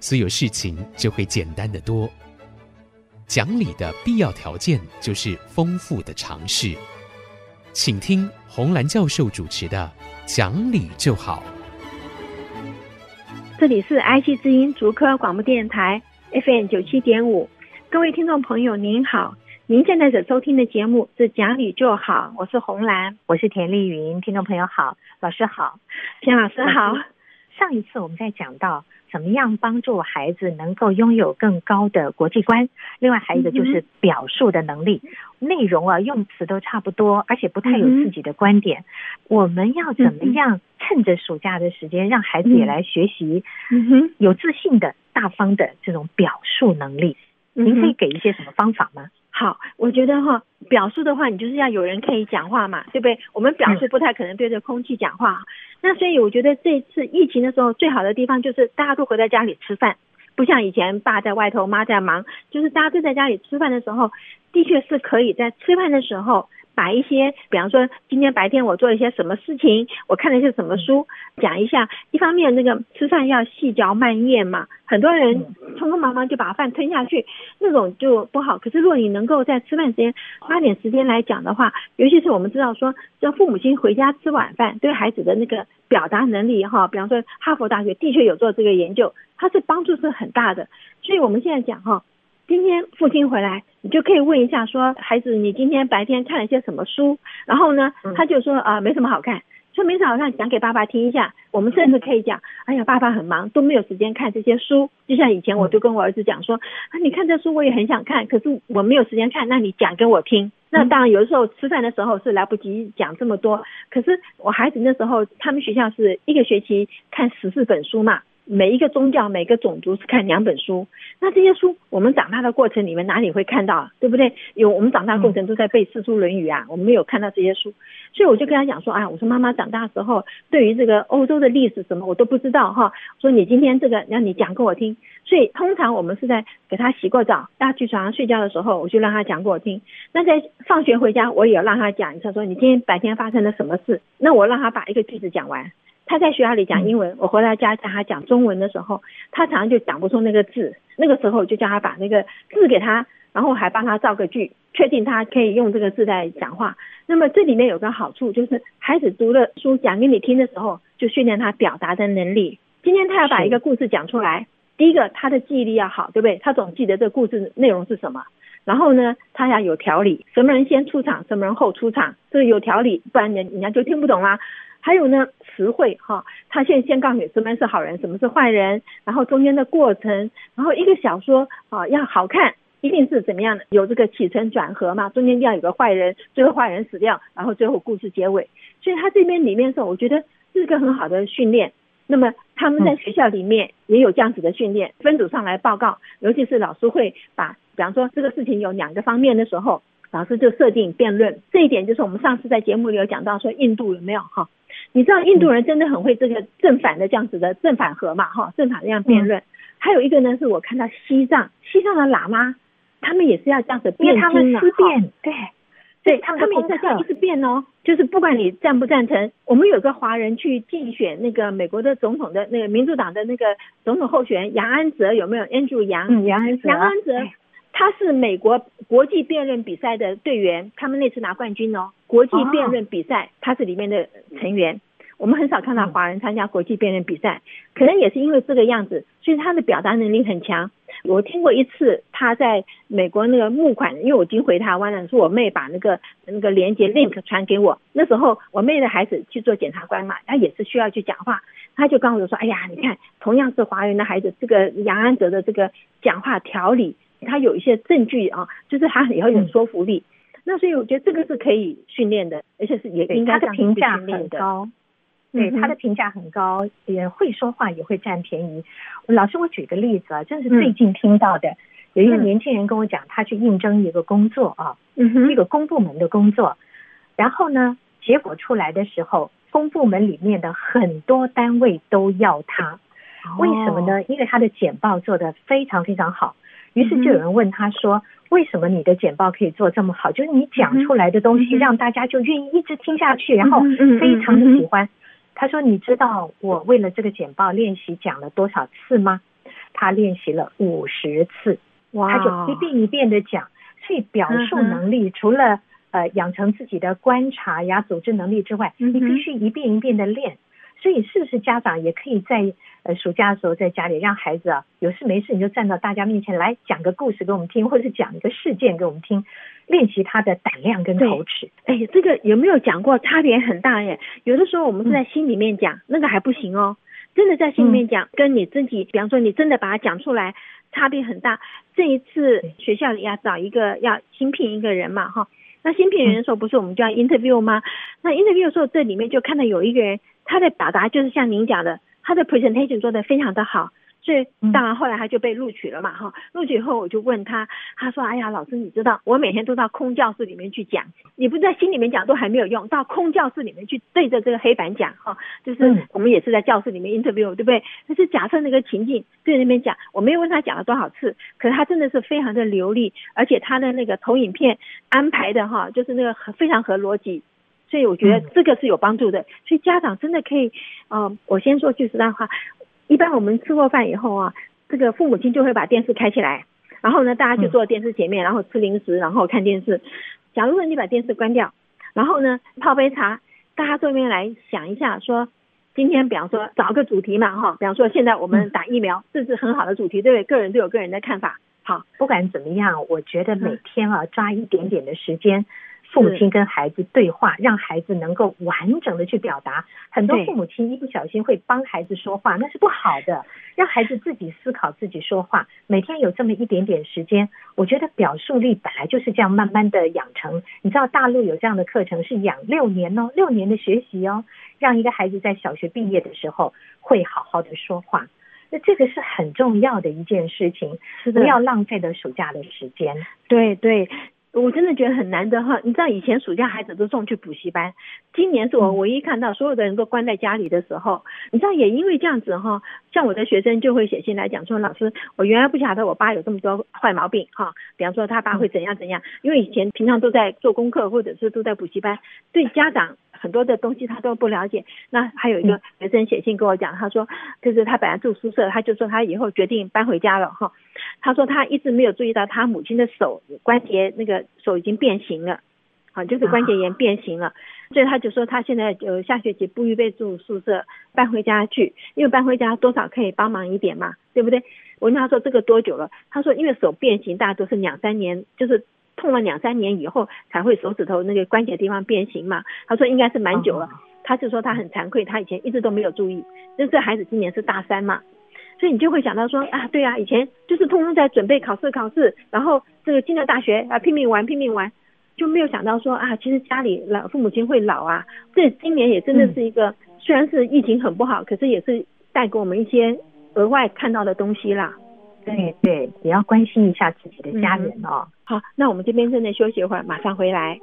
所有事情就會簡單得多。講理的必要條件就是豐富的嘗試。請聽洪蘭教授主持的《講理就好》。這裡是 IC 之音竹科廣播電台 FM 九七點五，各位聽眾朋友您好，您現在所收聽的節目是《講理就好》，我是洪蘭，我是田麗雲，聽眾朋友好，老師好，田老師好。 上一次我們在講到怎麼樣幫助孩子能夠擁有更高的國際觀，另外還有一個就是表述的能力，嗯、內容啊用詞都差不多，而且不太有自己的觀點。嗯、我們要怎麼樣趁着暑假的時間，讓孩子也來學習，有自信的、嗯、大方的這種表述能力、嗯？您可以給一些什麼方法嗎？嗯、好，我覺得哈、哦。表述的話，你就是要有人可以講話嘛，對不對？我們表述不太可能對着空氣講話。嗯。那所以我覺得這次疫情的時候，最好的地方就是大家都回到家裡吃飯，不像以前爸在外頭，媽在忙。就是大家都在家裡吃飯的時候，的確是可以在吃飯的時候。把一些，比方說今天白天我做了一些什麼事情，我看了一些什麼書，講一下。一方面那個吃飯要細嚼慢嚥嘛，很多人匆匆忙忙就把飯吞下去，那種就不好。可是如果你能夠在吃飯時間花點時間來講的話，尤其是我們知道說，這父母親回家吃晚飯對孩子的那個表達能力哈，比方說哈佛大學的確有做這個研究，它是幫助是很大的。所以我們現在講哈。今天父親回來，你就可以問一下說孩子，你今天白天看了些什麼書？然後呢，他就說啊、呃，沒什麼好看，說沒啥好看，講給爸爸聽一下。我們甚至可以講，哎呀，爸爸很忙，都沒有時間看這些書。就像以前，我就跟我兒子講說，啊，你看這書，我也很想看，可是我沒有時間看，那你講給我聽。那當然，有的時候吃飯的時候是來不及講這麼多。可是我孩子那時候，他們學校是一個學期看十四本書嘛。每一個宗教，每個種族是看兩本書，那這些書我們長大的過程你們哪裡會看到，對不對？有我們長大的過程都在背四書論語啊，我們沒有看到這些書，所以我就跟他講說啊、哎，我說媽媽長大的時候對於這個歐洲的歷史什麼我都不知道哈，說你今天這個讓你講給我聽，所以通常我們是在給他洗過澡，他去床上睡覺的時候，我就讓他講給我聽。那在放學回家，我也要讓他講一下，你說，說你今天白天發生了什麼事，那我讓他把一個句子講完。他在學校裡講英文，我回到家跟他講中文的時候，他常常就講不出那個字。那個時候就叫他把那個字給他，然後還幫他造個句，確定他可以用這個字在講話。那麼這裡面有個好處，就是孩子讀了書講給你聽的時候，就訓練他表達的能力。今天他要把一個故事講出來，第一個他的記憶力要好，對不對？他總記得這故事內容是什麼。然後呢，他要有條理，什麼人先出場，什麼人後出場，這個有條理，不然人人家就聽不懂啦。還有呢，詞彙哈、哦，他現在先告訴你什麼是好人，什麼是壞人，然後中間的過程，然後一個小說啊要好看，一定是怎麼樣，有這個起承轉合嘛，中間要有個壞人，最後壞人死掉，然後最後故事結尾。所以他這邊裡面是，我覺得是一個很好的訓練。那麼他們在學校裡面也有這樣子的訓練，分組上來報告，嗯、尤其是老師會把。比方說這個事情有兩個方面的時候，老師就設定辯論這一點，就是我們上次在節目裡有講到說印度有沒有哈？你知道印度人真的很會這個正反的這樣子的正反合嘛哈？正反這樣辯論，嗯，還有一個呢是我看到西藏西藏的喇嘛，他們也是要這樣子辯經。對對是他們，他們也在這樣思辯哦，就是不管你贊不贊成，我們有個華人去競選那個美國的總統的那個民主黨的那個總統候選人楊安澤有沒有？Andrew Yang 楊安澤。有沒有他是美國國際辯論比賽的隊員，他們那次拿冠軍哦，國際辯論比賽，他是裡面的成員。我們很少看到華人參加國際辯論比賽，可能也是因為這個樣子，所以他的表達能力很強。我聽過一次，他在美國那個募款，因為我已經回台灣了，是我妹把那個那個連接 link 傳給我。那時候我妹的孩子去做檢察官嘛，他也是需要去講話，他就跟我說：“哎呀，你看，同樣是華人的孩子，這個楊安澤的這個講話條理。”他有一些證據啊，就是他也要有說服力、嗯。那所以我覺得這個是可以訓練的，嗯、而且是也應該是訓練的、嗯。他的評價很高。對，他的評價很高，也會說話，也會占便宜。老師，我舉個例子啊，就是最近聽到的、嗯，有一個年輕人跟我講，他去應徵一個工作啊、嗯，一個公部門的工作。然後呢，結果出來的時候，公部門裡面的很多單位都要他。為什麼呢？哦、因為他的簡報做得非常非常好。於是就有人問他說：“為什麼你的簡報可以做這麼好？就是你講出來的東西，讓大家就願意一直聽下去，然後非常的喜歡。”他說：“你知道我為了這個簡報練習講了多少次嗎？他練習了五十次，他就一遍一遍的講。所以表述能力除了呃養成自己的觀察呀組織能力之外，你必須一遍一遍的練。”所以是不是家長也可以在呃暑假的時候，在家裡讓孩子啊，有事沒事你就站到大家面前來講個故事給我們聽，或者是講一個事件給我們聽，練習他的膽量跟口齒。哎、欸，這個有沒有講過？差別很大耶、欸。有的時候我們是在心裡面講、嗯，那個還不行哦、喔。真的在心裡面講，跟你自己、嗯，比方說你真的把它講出來，差別很大。這一次學校裡要、啊、找一個要新聘一個人嘛哈，那新聘人的時候不是我們就要 interview 嗎？嗯、那 interview 的時候，這裡面就看到有一個人。他的表達就是像您講的，他的 presentation 做的非常的好，所以當然後來他就被錄取了嘛，哈、嗯，錄取以後我就問他，他說，哎呀，老師，你知道，我每天都到空教室裡面去講，你不在心裡面講都還沒有用，到空教室裡面去對着這個黑板講，哈，就是我們也是在教室裡面 interview、嗯、對不對？就是假設那個情境對那邊講，我沒有問他講了多少次，可是他真的是非常的流利，而且他的那個投影片安排的哈，就是那個非常合邏輯。所以我覺得這個是有幫助的，嗯、所以家長真的可以，嗯、呃，我先說句實在話，一般我們吃過飯以後啊，這個父母親就會把電視開起來，然後呢，大家就坐電視前面、嗯，然後吃零食，然後看電視。假如說你把電視關掉，然後呢，泡杯茶，大家坐一邊來想一下說，說今天，比方說找個主題嘛，哈，比方說現在我們打疫苗、嗯，這是很好的主題，對不對？個人都有個人的看法。好，不管怎麼樣，我覺得每天啊，嗯、抓一點點的時間。父母親跟孩子對話，讓孩子能夠完整的去表達。很多父母親一不小心會幫孩子說話，那是不好的。讓孩子自己思考、自己說話。每天有這麼一點點時間，我覺得表述力本來就是這樣慢慢的養成。你知道大陸有這樣的課程是養六年哦，六年的學習哦，讓一個孩子在小學畢業的時候會好好的說話。那這個是很重要的一件事情，不要浪費的暑假的時間。對對。對我真的覺得很難得哈，你知道以前暑假孩子都送去補習班，今年是我唯一看到所有的人都關在家裡的時候，你知道也因為這樣子哈，像我的學生就會寫信來講說老師，我原來不曉得我爸有這麼多壞毛病哈，比方說他爸會怎樣怎樣，因為以前平常都在做功課或者是都在補習班，對家長。很多的東西他都不了解。那還有一個學生寫信跟我講，他說就是他本來住宿舍，他就說他以後決定搬回家了哈。他說他一直沒有注意到他母親的手關節那個手已經變形了，啊，就是關節炎變形了。所以他就說他現在就下學期不預備住宿舍，搬回家去，因為搬回家多少可以幫忙一點嘛，對不對？我跟他說這個多久了？他說因為手變形大多是兩三年，就是。痛了兩三年以後才會手指頭那個關節的地方變形嘛。他說，應該是蠻久了，他就說他很慚愧，他以前一直都沒有注意。那這孩子今年是大三嘛，所以你就會想到說啊，對啊，以前就是通通在準備考試考試，然後這個進了大學啊拼命玩拼命玩，就沒有想到說啊，其實家裡老父母親會老啊。這今年也真的是一個，雖然是疫情很不好，可是也是帶給我們一些額外看到的東西啦。對對，也要關心一下自己的家人哦。嗯。好，那我們這邊正在休息一會兒，馬上回來。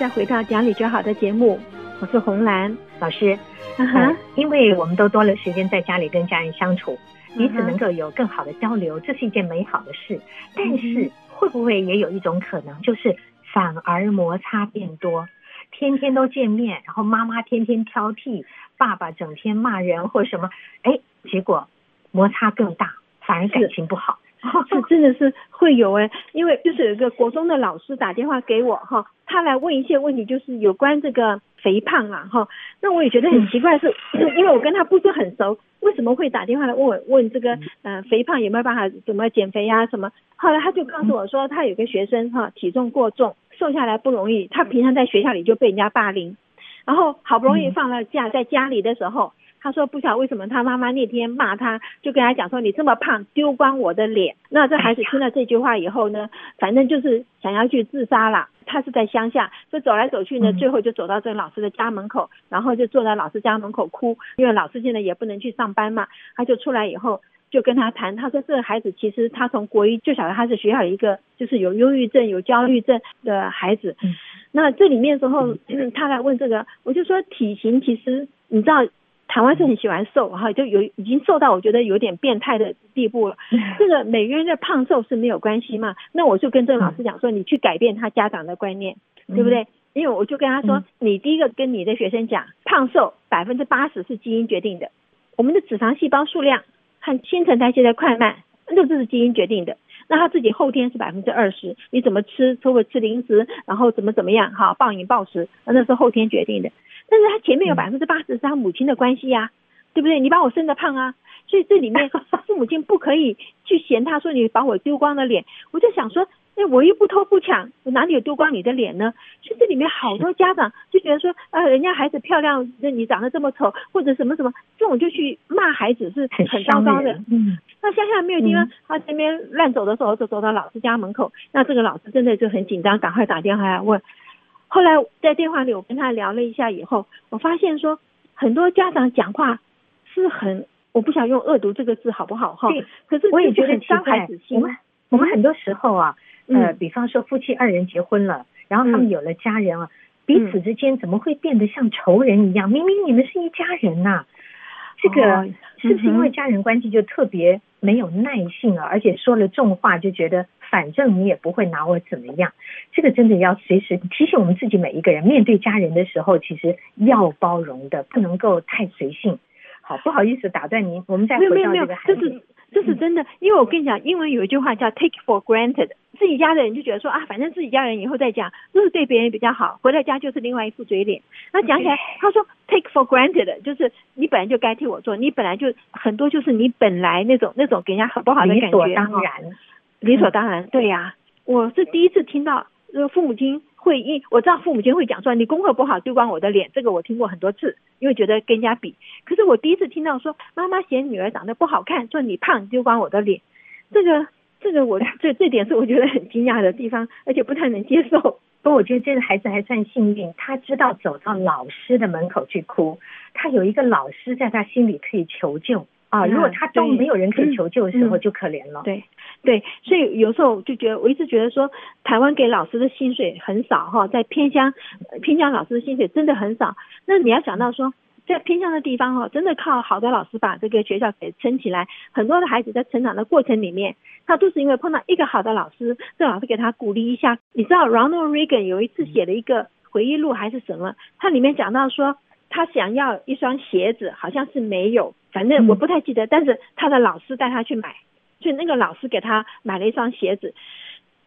再回到講理就好”的節目，我是洪蘭老師。嗯哼，因為我們都多了時間在家裡跟家人相處，彼此，uh-huh，能夠有更好的交流，這是一件美好的事。但是，uh-huh，會不會也有一種可能，就是反而摩擦變多？天天都見面，然後媽媽天天挑剔，爸爸整天罵人或什麼，哎，結果摩擦更大，反而感情不好。是、哦，真的是會有哎，因為就是有一個國中的老師打電話給我哈，他來問一些問題，就是有關這個肥胖啊哈。那我也覺得很奇怪是，是、嗯、是，因為我跟他不是很熟，為什麼會打電話來問我問這個呃肥胖有沒有辦法怎麼減肥呀、啊、什麼？後來他就告訴我說，他有個學生哈，體重過重，瘦下來不容易，他平常在學校裡就被人家霸凌，然後好不容易放了假，在家裡的時候。他說不曉得為什麼他媽媽那天罵他，就跟他講說，你這麼胖，丟光我的臉。那這孩子聽了這句話以後呢，反正就是想要去自殺了。他是在鄉下，就走來走去呢，最後就走到這老師的家門口，然後就坐在老師家門口哭。因為老師現在也不能去上班嘛，他就出來以後就跟他談。他說，這孩子其實他從國一就曉得他是學校一個就是有憂鬱症、有焦慮症的孩子。那這裡面時候，嗯，他來問這個，我就說體型其實你知道，台灣是很喜歡瘦哈，就有已經瘦到我覺得有點變態的地步了。 這個每個人的胖瘦是沒有關係嘛？那我就跟這個老師講說，你去改變他家長的觀念， 對不對？因為我就跟他說，你第一個跟你的學生講， 胖瘦百分之八十是基因決定的，我們的脂肪細胞數量和新陳代謝的快慢，那就是基因決定的。那他自己後天是百分之二十，你怎麼吃，除了吃零食，然後怎麼怎麼樣哈，暴飲暴食，那是後天決定的。但是他前面有百分之八十是他母親的關係呀，、啊，對不對？你把我生的胖啊，所以這裡面父母親不可以去嫌他，說你把我丟光了臉。我就想說，哎，我又不偷不搶，我哪裡有丟光你的臉呢？所以這裡面好多家長就覺得說，啊、呃，人家孩子漂亮，那你長得這麼醜，或者什麼什麼，這種就去罵孩子是很糟糕的。嗯。那鄉下，下沒有地方，嗯、他這邊亂走的時候，走走到老師家門口，那這個老師真的就很緊張，趕快打電話來、啊、問。後來在電話裡，我跟他聊了一下以後，我發現說很多家長講話是很，我不想用惡毒這個字，好不好？哈，可是我也覺得傷害。我們我們很多時候啊、嗯，呃，比方說夫妻二人結婚了，嗯、然後他們有了家人啊、嗯，彼此之間怎麼會變得像仇人一樣？嗯、明明你們是一家人吶、啊，這個、哦、是不是因為家人關係就特別沒有耐性啊，而且說了重話就覺得。反正你也不會拿我怎麼樣，這個真的要隨時提醒我們自己每一個人。面對家人的時候，其實要包容的，不能夠太隨性。好，不好意思打斷您，我們再回到這個孩子。沒有沒有沒有，這是這是真的，因為我跟你講，英文有一句話叫 take for granted，自己家的人就覺得說啊，反正自己家人以後再講，就是對別人比較好。回到家就是另外一副嘴臉。那講起來、嗯，他說 take for granted，就是你本來就該替我做，你本來就很多就是你本來那種那種給人家很不好的感覺。理所當然。理所當然，對呀、啊，我是第一次聽到，呃，父母親會一，我知道父母親會講說，你功課不好，丟光我的臉，這個我聽過很多次，因為覺得跟人家比。可是我第一次聽到說，媽媽嫌女兒長得不好看，說你胖，丟光我的臉，這個這個我這這點是我覺得很驚訝的地方，而且不太能接受。不過我覺得這個孩子還算幸運，他知道走到老師的門口去哭，他有一個老師在他心裡可以求救。啊，如果他都、嗯、沒有人可以求救的時候就可憐了。對對，所以有時候我就覺得，我一直覺得說，台灣給老師的薪水很少哈，在偏鄉，偏鄉老師的薪水真的很少。那你要想到說，在偏鄉的地方哈，真的靠好的老師把這個學校給撐起來。很多的孩子在成長的過程裡面，他都是因為碰到一個好的老師，這老師給他鼓勵一下。你知道 Ronald Reagan 有一次寫的一個回憶錄還是什麼，他裡面講到說。他想要一雙鞋子，好像是沒有，反正我不太記得。嗯、但是他的老師帶他去買，就那個老師給他買了一雙鞋子。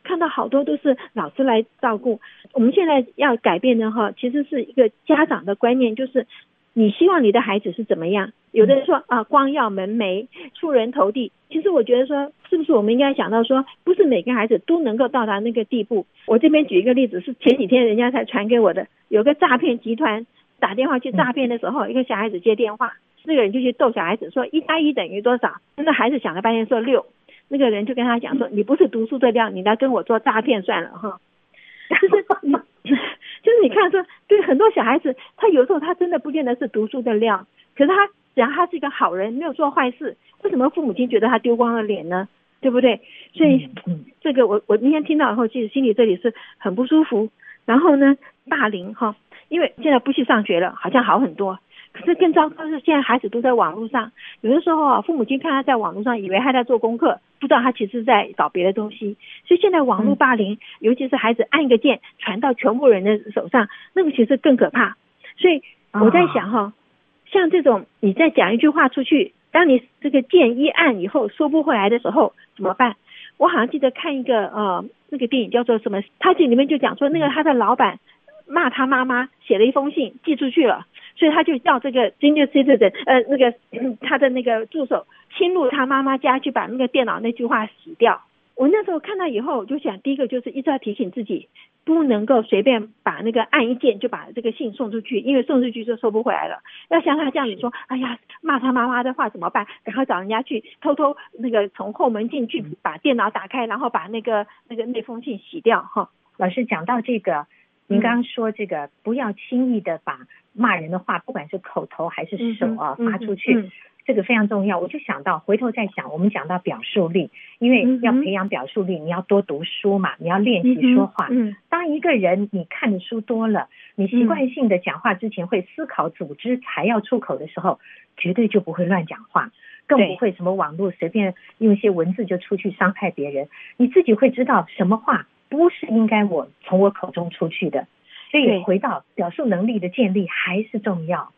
看到好多都是老師來照顧。我們現在要改變的話，其實是一個家長的觀念，就是你希望你的孩子是怎麼樣？有的人說啊，光耀門楣、出人頭地。其實我覺得說，是不是我們應該想到說，不是每個孩子都能夠到達那個地步？我這邊舉一個例子，是前幾天人家才傳給我的，有個詐騙集團。打電話去詐騙的時候、嗯，一個小孩子接電話，那個人就去逗小孩子說一加一等於多少？那個孩子想了半天說六，那個人就跟他講說、嗯、你不是讀書的料，你來跟我做詐騙算了哈、嗯。就是你，就是你看說對很多小孩子，他有時候他真的不見得是讀書的料，可是他只要他是一個好人，沒有做壞事，為什麼父母親覺得他丟光了臉呢？對不對？所以這個我我那天聽到以後，其實心裡這裡是很不舒服。然後呢，霸凌哈。因為現在不去上學了，好像好很多。可是更糟糕的是，現在孩子都在網絡上，有的時候啊，父母親看他在網絡上，以為他在做功課，不知道他其實在搞別的東西。所以現在網絡霸凌，尤其是孩子按一個鍵傳到全部人的手上，那個其實更可怕。所以我在想哈、啊啊，像這種你再講一句話出去，當你這個鍵一按以後收不回來的時候怎麼辦？我好像記得看一個呃那個電影叫做什麼，他這裡面就講說那個他的老闆。罵他媽媽，寫了一封信寄出去了，所以他就叫這個 genius citizen，呃，那個、嗯、他的那個助手侵入他媽媽家去把那個電腦那句話洗掉。我那時候看到以後，我就想，第一個就是一直要提醒自己，不能夠隨便把那個按一鍵就把這個信送出去，因為送出去就收不回來了。要像他這樣子你說，哎呀，罵他媽媽的話怎麼辦？然後找人家去偷偷那個從後門進去，把電腦打開，然後把那個那個那封信洗掉。哈、哦，老師講到這個。您剛剛說這個不要輕易的把罵人的話，不管是口頭還是手啊、嗯嗯嗯、發出去，這個非常重要。我就想到回頭再想，我們講到表述力，因為要培養表述力，嗯、你要多讀書嘛，你要練習說話、嗯嗯。當一個人你看的書多了，你習慣性的講話之前會思考、組織才要出口的時候、嗯，絕對就不會亂講話，更不會什麼網絡隨便用一些文字就出去傷害別人。你自己會知道什麼話。不是應該我從我口中出去的，所以回到表述能力的建立還是重要。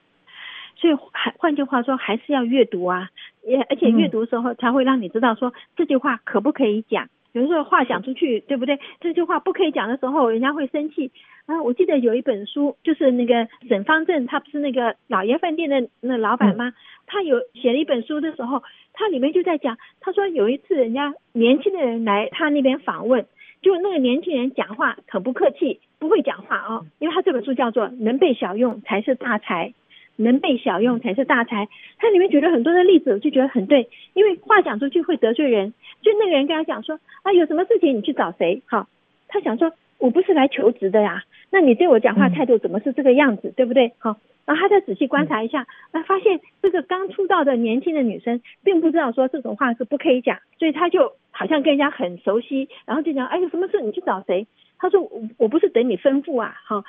所以，還換句話說，還是要閱讀啊。也而且閱讀的時候，才會讓你知道說這句話可不可以講。比如說話講出去，對不對？這句話不可以講的時候，人家會生氣啊。我記得有一本書，就是那個沈方正，他不是那個老爺飯店的那老板嗎？他有寫了一本書的時候，他裡面就在講，他說有一次人家年輕的人來他那邊訪問。就那個年輕人講話很不客氣，不會講話啊、哦，因為他這本書叫做能被小用才是大才，能被小用才是大才是大，他裡面舉了很多的例子，我就覺得很對，因為話講出去會得罪人，就那個人跟他講說啊，有什麼事情你去找誰？哈，他想說。我不是來求職的呀，那你對我講話態度怎麼是這個樣子，嗯、對不對？好，然後他再仔細觀察一下，啊，發現這個剛出道的年輕的女生並不知道說這種話是不可以講，所以他就好像跟人家很熟悉，然後就講，哎，有什麼事你去找誰？他說我我不是等你吩咐啊，好。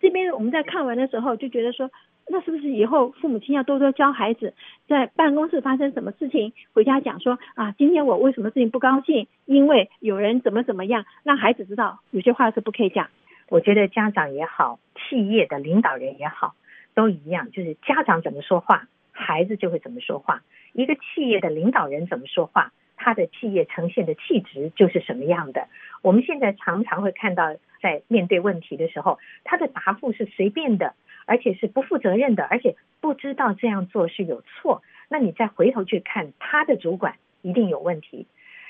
這邊我們在看完的時候就覺得說，那是不是以後父母親要多多教孩子，在辦公室發生什麼事情，回家講說啊，今天我為什麼事情不高興，因為有人怎麼怎麼樣，讓孩子知道有些話是不可以講。我覺得家長也好，企業的領導人也好，都一樣，就是家長怎麼說話，孩子就會怎麼說話；一個企業的領導人怎麼說話。他的企業呈現的氣質就是什麼樣的？我們現在常常會看到，在面對問題的時候，他的答覆是隨便的，而且是不負責任的，而且不知道這樣做是有錯。那你再回頭去看，他的主管一定有問題。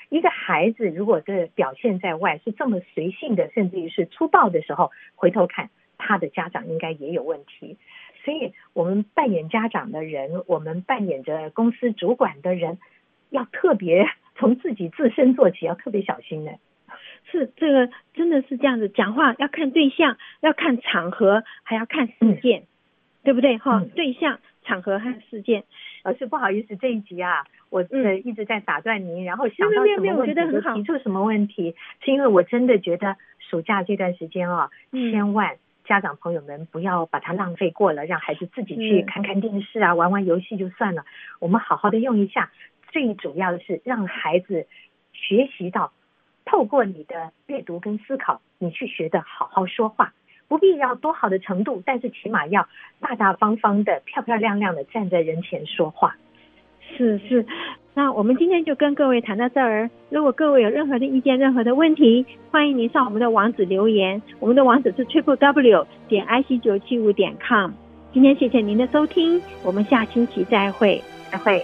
一個孩子如果的表現在外是這麼隨性的，甚至於是粗暴的時候，回頭看他的家長應該也有問題。所以我們扮演家長的人，我們扮演着公司主管的人。要特別從自己自身做起，要特別小心的、欸。是這個，真的是這樣子。講話要看對象，要看場合，還要看事件，嗯、對不對哈、嗯？對象、嗯、場合和事件。老師不好意思，這一集啊，我呃一直在打斷您、嗯，然後想到什麼問題，我覺得很好。提出什麼問題，是因為我真的覺得暑假這段時間啊、哦，千萬家長朋友們不要把它浪費過了，嗯、讓孩子自己去看看電視啊、嗯，玩玩遊戲就算了，我們好好的用一下。最主要的是讓孩子學習到，透過你的閱讀跟思考，你去學的好好說話，不必要多好的程度，但是起碼要大大方方的、漂漂亮亮的站在人前說話。是是，那我們今天就跟各位談到這兒。如果各位有任何的意見、任何的問題，歡迎您上我們的網址留言。我們的網址是 Triple W 點 IC 九七五點 com。今天謝謝您的收聽，我們下星期再會，再會。